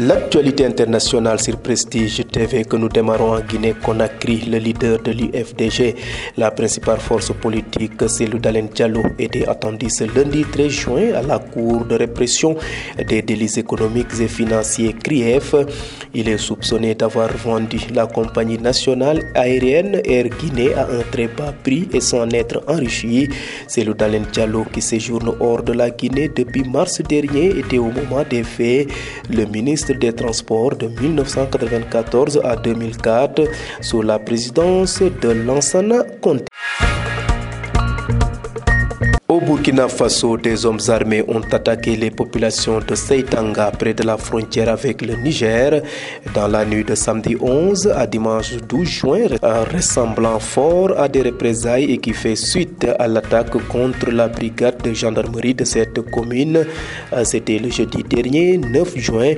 L'actualité internationale sur Prestige TV que nous démarrons en Guinée-Conakry. Le leader de l'UFDG, la principale force politique, le Dalen Diallo, était attendu ce lundi 13 juin à la Cour de répression des délits économiques et financiers CRIEF. Il est soupçonné d'avoir vendu la compagnie nationale aérienne Air Guinée à un très bas prix et sans être enrichi. C'est Dalen Diallo, qui séjourne hors de la Guinée depuis mars dernier, était au moment des faits le ministre des Transports de 1994 à 2004 sous la présidence de Lansana Conté. Au Burkina Faso, des hommes armés ont attaqué les populations de Seitanga près de la frontière avec le Niger dans la nuit de samedi 11 à dimanche 12 juin, ressemblant fort à des représailles et qui fait suite à l'attaque contre la brigade de gendarmerie de cette commune. Euh, c'était le jeudi dernier, 9 juin,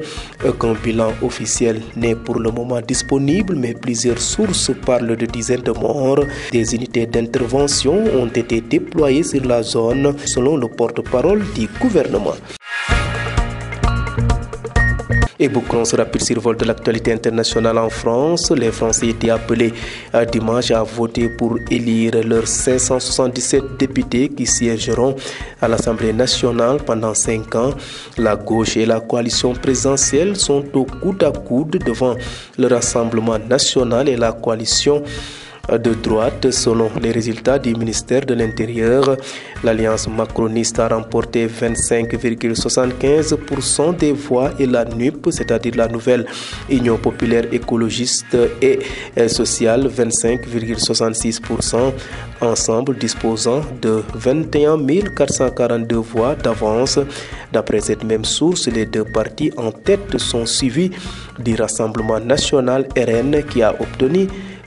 qu'un bilan officiel n'est pour le moment disponible, mais plusieurs sources parlent de dizaines de morts. Des unités d'intervention ont été déployées sur la zone selon le porte-parole du gouvernement. Et beaucoup sur le vol de l'actualité internationale en France. Les Français étaient appelés euh, dimanche à voter pour élire leurs 577 députés qui siégeront à l'Assemblée nationale pendant 5 ans. La gauche et la coalition présidentielle sont au coude à coude devant le Rassemblement national et la coalition de droite. Selon les résultats du ministère de l'Intérieur, l'alliance macroniste a remporté 25,75% des voix et la NUP, c'est-à-dire la nouvelle Union populaire écologiste et sociale, 25,66%, ensemble disposant de 21 442 voix d'avance. D'après cette même source, les deux parties en tête sont suivis du Rassemblement national RN qui a obtenu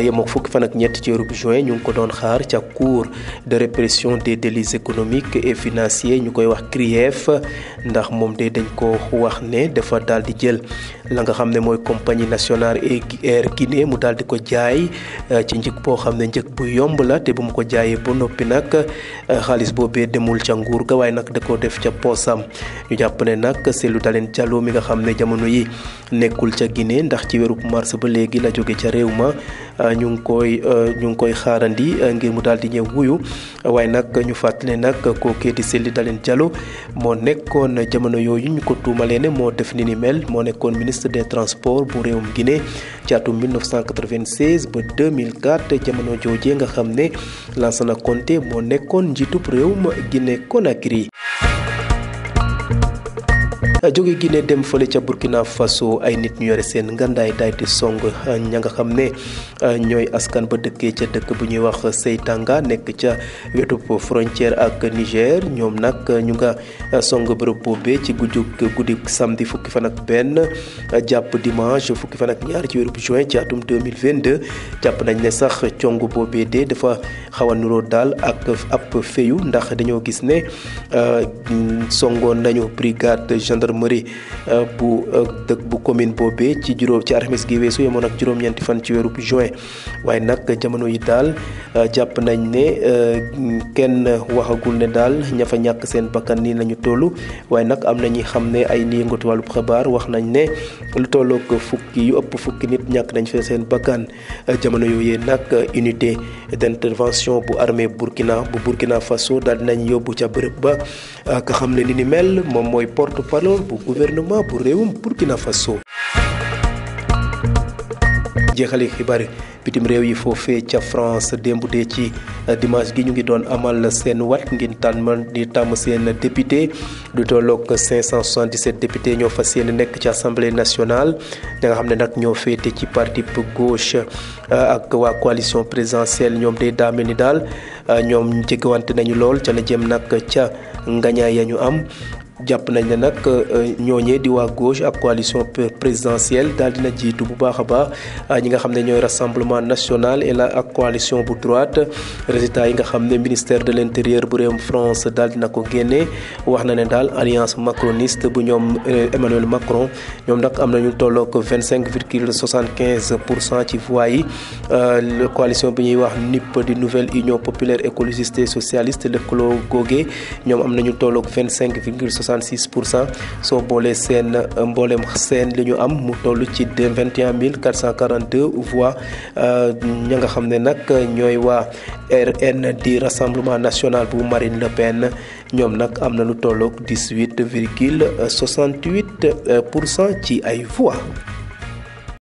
yemook fukki fan ak ñett ci weerub juin ñu ngi ko doon xaar ca cour de répression des délits économiques et financiers ñu koy wax CRIEF ndax moom de dañ ko wax ne dafa daal di jël la nga xam ne mooy compagnie nationale Air Guinée mu daal di ko jaay euh, ci njëg boo xam ne njëg bu yomb la te bu mu ko jaayee ba noppi nag euh, xaalis boobee demul ca nguur ga waaye nag da ko def ca poosam ñu jàpp ne nag Cellou Dalein Diallo mi nga xam ne jamono yi nekkul ca Guinée ndax ci weerub mars ba léegi la jóge ca réew ma Euh, ñu ngi koy euh, ñu ngi koy xaarandi euh, ngir mu daal di ñëw wuyu waaye nag ñu fàttali nag kookee di Cellou Dalein Diallo moo nekkoon jamono yooyu ñu ko tuumalee ne moo def ni ni mel moo nekkoon ministre des transports bu réewum Guinée ci atum 1996 ba 2004 jamono joojee nga xam ne Lansana Conté moo nekkoon njiitub réewum Guinée yi jóge ne dem fële ca Burkina Faso ay nit ñu yore seen ngandaay daal di song ña nga xam ne uh, ñooy askan ba dëkkee ca dëkk bu ñuy wax Seytanga nekk ca wetu frontière ak Niger ñoom nag ñu nga uh, song bërëb boobee ci guddi guddi samedi fukki fan ak benn uh, jàpp dimanche fukki fan ak ñaar ci weeru juin ci atum 2022 jàpp nañ ne sax cong boobee de dafa xaw a nuroo daal ak ab feyu ndax dañoo gis ne songoon nañu brigade gendarmerie gendarmerie euh, bu euh, dëkk bu commune boobee ci juróom ci armes gi weesu yemoon ak juróom-ñeenti fan ci weeru juin waaye nag jamono yi daal euh, jàpp nañ ne kenn waxagul ne daal ña fa ñàkk seen bakkan nii lañu toll waaye nag am na ñi xam ne ay ni yëngatu wàllu xabaar wax nañ ne lu tolloo ko fukki yu ëpp fukki nit ñàkk nañ fa seen bakkan jamono yooyee nag unité d'intervention bu armée Burkina bu Burkina Faso dal nañ yóbbu ca bërëb ba ka xam ne ni ni mel moom mooy bu gouvernement bu réewum Burkina Faso. jeexali xibaar bitim réew yi foofee ca France démb dee ci euh, dimanche gi ñu ngi doon amal seen wat ngir tànn di tàmm seen député du tolloog 577 député ñoo fas yéene nekk ca assemblée nationale ña nga xam ne nag ñoo féete ci parti bu gauche euh, ak waa coalition présidentielle ñoom day daame ni daal euh, ñoom jegewante nañu lool ca la jëm nag ca ngañaay ya ñu am jàpp nañ euh, gauche coalition présidentielle daal dina bu rassemblement national et la coalition pour droite résultat yi nga ministère de l'intérieur France daal dina ko alliance macroniste bu euh, Emmanuel Macron coalition bi ñuy di nouvelle union populaire écologiste et socialiste gogé 25 66 pour soo boolee seen euh, mboolem seen li ñu am mu toll ci 21 442 voix euh, ña nga xam ne nag ñooy RN rassemblement national bu Marine Le Pen ñoom na lu euh, voix.